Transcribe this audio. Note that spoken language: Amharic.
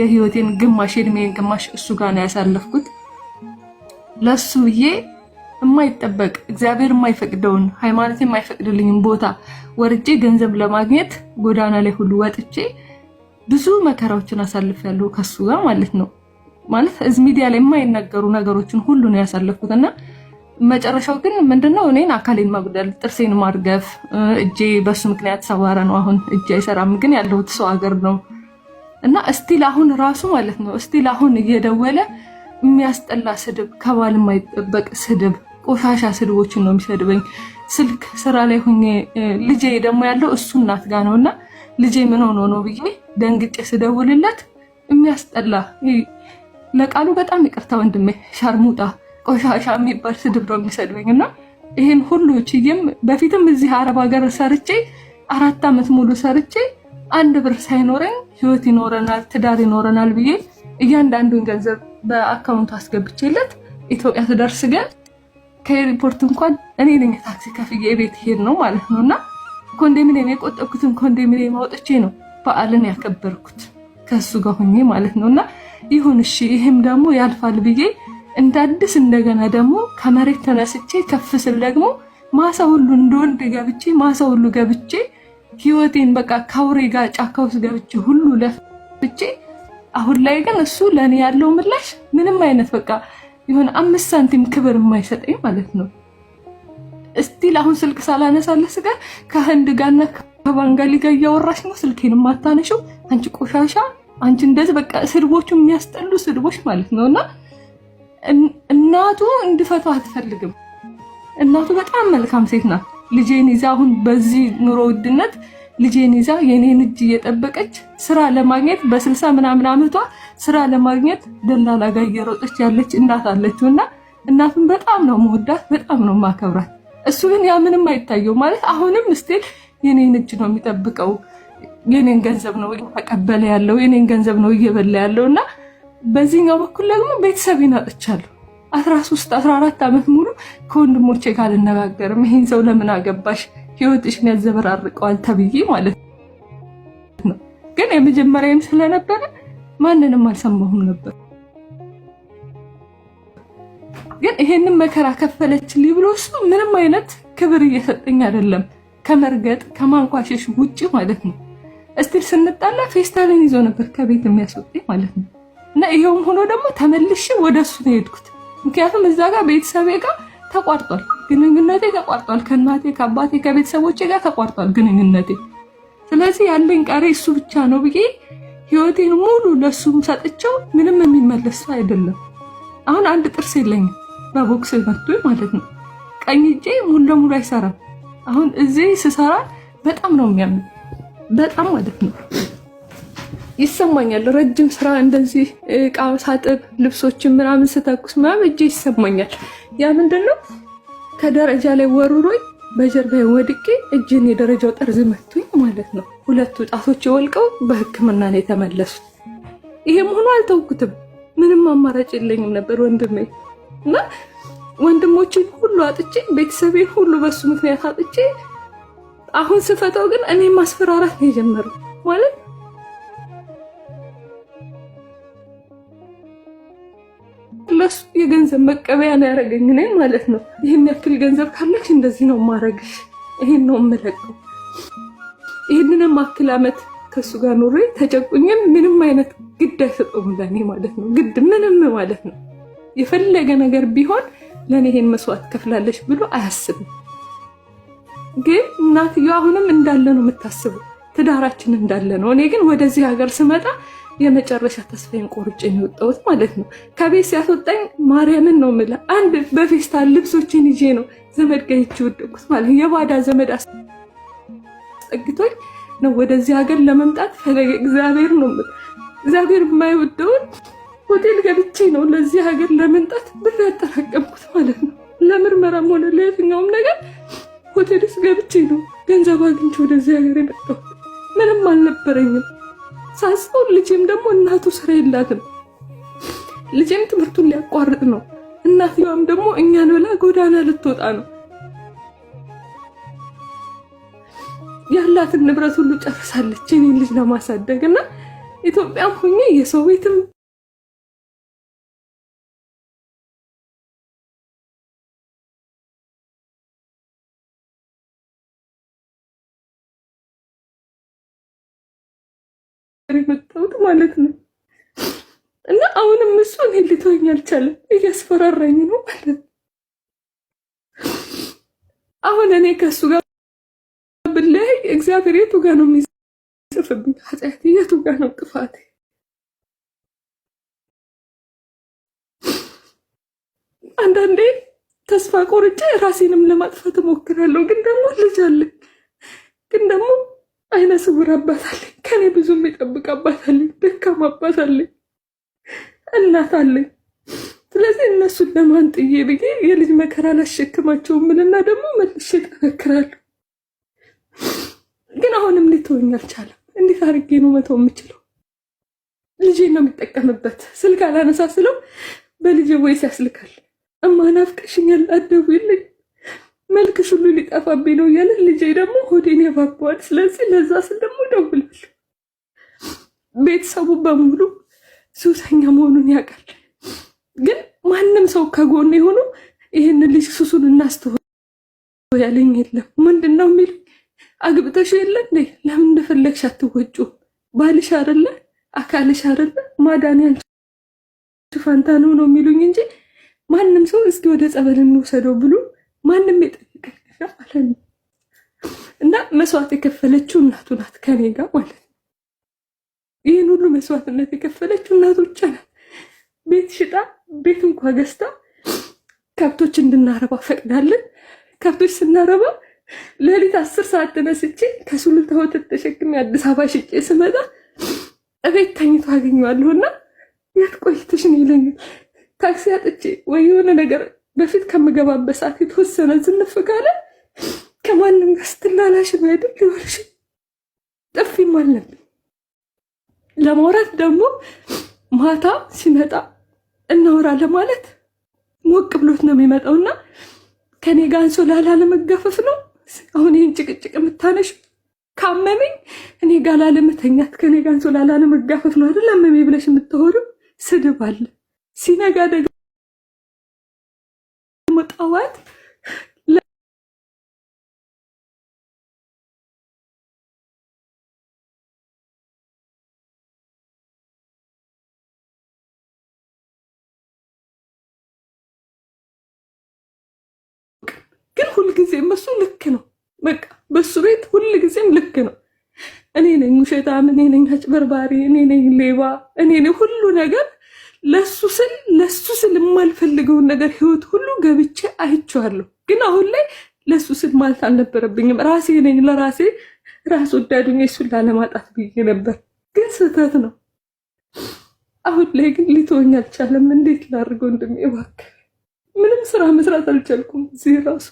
የህይወቴን ግማሽ የእድሜን ግማሽ እሱ ጋር ነው ያሳለፍኩት። ለሱ ብዬ የማይጠበቅ እግዚአብሔር የማይፈቅደውን ሃይማኖት የማይፈቅድልኝም ቦታ ወርጄ ገንዘብ ለማግኘት ጎዳና ላይ ሁሉ ወጥቼ ብዙ መከራዎችን አሳልፌያለሁ ከሱ ጋር ማለት ነው። ማለት እዚህ ሚዲያ ላይ የማይነገሩ ነገሮችን ሁሉ ነው ያሳለፍኩት እና መጨረሻው ግን ምንድነው? እኔን አካሌን መጉደል፣ ጥርሴን ማርገፍ፣ እጄ በሱ ምክንያት ሰባረ ነው። አሁን እጄ አይሰራም፣ ግን ያለሁት ሰው ሀገር ነው እና እስቲል አሁን ራሱ ማለት ነው እስቲል አሁን እየደወለ የሚያስጠላ ስድብ፣ ከባል የማይጠበቅ ስድብ፣ ቆሻሻ ስድቦችን ነው የሚሰድበኝ። ስልክ ስራ ላይ ሁኜ ልጄ ደግሞ ያለው እሱ እናት ጋ ነው እና ልጄ ምን ሆኖ ነው ብዬ ደንግጬ ስደውልለት የሚያስጠላ ለቃሉ በጣም ይቅርታ ወንድሜ፣ ሻርሙጣ ቆሻሻ የሚባል ስድብ ነው የሚሰድበኝ እና ይህን ሁሉ ችዬም በፊትም እዚህ አረብ ሀገር ሰርቼ አራት ዓመት ሙሉ ሰርቼ አንድ ብር ሳይኖረኝ ህይወት ይኖረናል፣ ትዳር ይኖረናል ብዬ እያንዳንዱን ገንዘብ በአካውንቱ አስገብቼለት ኢትዮጵያ ትደርስ ግን ከኤርፖርት እንኳን እኔ ነኝ ታክሲ ከፍዬ ቤት ሄድ ነው ማለት ነው። እና ኮንዶሚኒየም የቆጠብኩትን ኮንዶሚኒየም አውጥቼ ነው በዓልን ያከበርኩት ከሱ ጋር ሆኜ ማለት ነው። እና ይሁን እሺ፣ ይህም ደግሞ ያልፋል ብዬ እንደ አዲስ እንደገና ደግሞ ከመሬት ተነስቼ ከፍ ስል ደግሞ ማሳ ሁሉ እንደወንድ ገብቼ ማሳ ሁሉ ገብቼ ህይወቴን በቃ ከአውሬ ጋር ጫካ ውስጥ ገብቼ ሁሉ ለፍቼ፣ አሁን ላይ ግን እሱ ለእኔ ያለው ምላሽ ምንም አይነት በቃ የሆነ አምስት ሳንቲም ክብር የማይሰጠኝ ማለት ነው። እስቲል አሁን ስልክ ሳላነሳለህ ስጋ ከህንድ ጋርና ከባንጋሊ ጋር እያወራሽ ነው ስልኬን የማታነሽው አንቺ ቆሻሻ፣ አንቺ እንደዚህ በቃ ስድቦቹ የሚያስጠሉ ስድቦች ማለት ነው። እና እናቱ እንድፈቷ አትፈልግም። እናቱ በጣም መልካም ሴት ናት። ልጄን ይዛ አሁን በዚህ ኑሮ ውድነት ልጄን ይዛ የኔን እጅ እየጠበቀች ስራ ለማግኘት በስልሳ ምናምን አመቷ ስራ ለማግኘት ደላላ ጋር እየሮጠች ያለች እናት አለችው እና እናቱን በጣም ነው መወዳት፣ በጣም ነው ማከብራት። እሱ ግን ያ ምንም አይታየው ማለት አሁንም ስቴል የኔን እጅ ነው የሚጠብቀው፣ የኔን ገንዘብ ነው እየተቀበለ ያለው፣ የኔን ገንዘብ ነው እየበላ ያለው እና በዚህኛው በኩል ደግሞ ቤተሰብ ይናጥቻለሁ 13 14 አስራ ዓመት ሙሉ ከወንድሞቼ ጋር አልነጋገርም። ይሄን ሰው ለምን አገባሽ ህይወትሽን ያዘበራርቀዋል ተብዬ ማለት ነው። ግን የመጀመሪያም ስለነበረ ማንንም አልሰማሁም ነበር። ግን ይሄንን መከራ ከፈለችልኝ ብሎ እሱ ምንም አይነት ክብር እየሰጠኝ አይደለም፣ ከመርገጥ ከማንኳሸሽ ውጭ ማለት ነው። እስቲል ስንጣላ ፌስታልን ይዞ ነበር ከቤት የሚያስወጣኝ ማለት ነው። እና ይሄውም ሆኖ ደግሞ ተመልሼ ወደ እሱ ነው የሄድኩት። ምክንያቱም እዛ ጋር ቤተሰቤ ጋር ተቋርጧል ግንኙነቴ ተቋርጧል። ከእናቴ ከአባቴ ከቤተሰቦቼ ጋር ተቋርጧል ግንኙነቴ። ስለዚህ ያለኝ ቀሪ እሱ ብቻ ነው ብዬ ህይወቴን ሙሉ ለእሱም ሰጥቼው ምንም የሚመለስ አይደለም። አሁን አንድ ጥርስ የለኝም በቦክስ መቶ ማለት ነው። ቀኝ እጄ ሙሉ ለሙሉ አይሰራም። አሁን እዚህ ስሰራ በጣም ነው የሚያምን በጣም ማለት ነው። ይሰማኛል። ረጅም ስራ እንደዚህ እቃ ሳጥብ ልብሶችን ምናምን ስተኩስ ምናምን እጄ ይሰማኛል። ያ ምንድን ነው ከደረጃ ላይ ወሩሮኝ በጀርባ ወድቄ እጅን የደረጃው ጠርዝ መቶኝ ማለት ነው። ሁለቱ ጣቶች የወልቀው በሕክምና ነው የተመለሱት። ይሄ መሆኑ አልተውኩትም። ምንም አማራጭ የለኝም ነበር ወንድሜ እና ወንድሞችን ሁሉ አጥቼ ቤተሰቤ ሁሉ በሱ ምክንያት አጥቼ አሁን ስፈተው ግን እኔ ማስፈራራት ነው የጀመረው ማለት ራሱ የገንዘብ መቀበያ ነው ያደረገኝ እኔን ማለት ነው። ይህን ያክል ገንዘብ ካለች እንደዚህ ነው ማረግሽ፣ ይህን ነው የምለቀው። ይህንንም አክል አመት ከእሱ ጋር ኑሬ ተጨቁኝም ምንም አይነት ግድ አይሰጠውም ለእኔ ማለት ነው። ግድ ምንም ማለት ነው። የፈለገ ነገር ቢሆን ለእኔ ይሄን መስዋዕት ከፍላለች ብሎ አያስብም። ግን እናትየው አሁንም እንዳለ ነው የምታስበው፣ ትዳራችን እንዳለ ነው። እኔ ግን ወደዚህ ሀገር ስመጣ የመጨረሻ ተስፋዬን ቆርጬ የሚወጣሁት ማለት ነው። ከቤት ሲያስወጣኝ ማርያምን ነው ምለ አንድ በፌስታል ልብሶችን ይዤ ነው ዘመድ ገኝች ወደኩት ማለት የባዳ ዘመድ አስጠግቶኝ ነው ወደዚህ ሀገር ለመምጣት ፈለገ። እግዚአብሔር ነው እግዚአብሔር የማይወደውን ሆቴል ገብቼ ነው ለዚህ ሀገር ለመምጣት ብር ያጠራቀምኩት ማለት ነው። ለምርመራም ሆነ ለየትኛውም ነገር ሆቴል ውስጥ ገብቼ ነው ገንዘብ አግኝቼ ወደዚህ ሀገር የመጣሁት። ምንም አልነበረኝም። ሳስበው ልጅም ደግሞ እናቱ ስራ የላትም። ልጅም ትምህርቱን ሊያቋርጥ ነው። እናትየዋም ደግሞ እኛን ብላ ጎዳና ልትወጣ ነው። ያላትን ንብረት ሁሉ ጨርሳለች እኔን ልጅ ለማሳደግ እና ኢትዮጵያም ሆኜ የሰው ቤትም ማለት ነው። እና አሁንም እሱ እኔ ሊተወኝ አልቻለም፣ እያስፈራራኝ ነው ማለት ነው። አሁን እኔ ከእሱ ጋር ብለይ እግዚአብሔር የቱ ጋር ነው የሚጽፍብኝ ኃጢአት፣ የቱ ጋር ነው ጥፋት? አንዳንዴ ተስፋ ቆርጬ ራሴንም ለማጥፋት እሞክራለሁ። ግን ደግሞ ልጅ አለኝ። ግን ደግሞ አይነ ስውር አባት አለኝ። ከኔ ብዙ የሚጠብቅ አባት አለኝ። ደካማ አባት አለኝ። እናት አለኝ። ስለዚህ እነሱን ለማን ጥዬ ብዬ የልጅ መከራ ላሸክማቸውም ምልና ደግሞ መልሼ ጠነክራለሁ። ግን አሁንም ሊተወኝ አልቻለም። እንዴት አድርጌ ነው መተው የምችለው? ልጄ ነው የሚጠቀምበት። ስልክ አላነሳ ስለው በልጄ ወይስ ያስልካል። እማናፍቀሽኛል አትደውይልኝ መልክሽ ሁሉ ሊጠፋብኝ ነው እያለ ልጄ ደግሞ ሆዴን ያባባዋል። ስለዚህ ለዛ ስል ደግሞ ደውላለሁ። ቤተሰቡ በሙሉ ሱሰኛ መሆኑን ያውቃል። ግን ማንም ሰው ከጎን የሆነው ይህን ልጅ ሱሱን እናስተው ያለኝ የለም። ምንድን ነው የሚል አግብተሽ የለ እንዴ? ለምን እንደፈለግሽ አትወጪውም? ባልሽ አይደለ? አካልሽ አይደለ? ማዳን ያንቺ ፋንታ ነው ነው የሚሉኝ እንጂ ማንም ሰው እስኪ ወደ ጸበል እንውሰደው ብሎ ማንም የጠየቀኝ ነገር ማለት ነው። እና መስዋዕት የከፈለችው እናቱ ናት ከኔ ጋር ማለት ነው። ይህን ሁሉ መስዋዕትነት የከፈለችው እናቱ ብቻ ናት። ቤት ሽጣ ቤት እንኳ ገዝታ ከብቶች እንድናረባ ፈቅዳለን። ከብቶች ስናረባ ሌሊት አስር ሰዓት ተነስቼ ከሱሉልታ ወተት ተሸክሜ አዲስ አበባ ሽጬ ስመጣ እቤት ተኝቶ አገኘዋለሁ። እና የት ቆይተሽ ነው ይለኛል። ታክሲ አጥቼ ወይ የሆነ ነገር በፊት ከምገባበት ሰዓት የተወሰነ ዝንፍ ካለ ከማንም ጋር ስትላላሽ ማይድር ሊሆንሽ ጥፊም አለብኝ። ለማውራት ደግሞ ማታ ሲመጣ እናውራ ለማለት ሞቅ ብሎት ነው የሚመጣው እና ከኔ ጋር አንሶላ ላለመጋፈፍ ነው። አሁን ይህን ጭቅጭቅ የምታነሽ ካመመኝ እኔ ጋር ላለመተኛት ከኔ ጋር አንሶላ ላለመጋፈፍ ነው አይደል? አመሜ ብለሽ የምታወሪው ስድብ አለ ሲነጋ ጠዋት ግን ሁልጊዜም በሱ ልክ ነው። በቃ በሱ ቤት ሁልጊዜም ልክ ነው። እኔ ነኝ ውሸታም፣ እኔ ነኝ አጭበርባሪ፣ እኔ ነኝ ሌባ፣ እኔ ነኝ ሁሉ ነገር ለሱ ስል ለሱ ስል የማልፈልገውን ነገር ህይወት ሁሉ ገብቼ አይቼዋለሁ። ግን አሁን ላይ ለሱ ስል ማለት አልነበረብኝም። ራሴ ነኝ ለራሴ ራስ ወዳዱኝ እሱን ላለማጣት ብዬ ነበር። ግን ስህተት ነው። አሁን ላይ ግን ሊተወኝ አልቻለም። እንዴት ላድርገው? ወንድሜ ምንም ስራ መስራት አልቻልኩም እዚህ ራሱ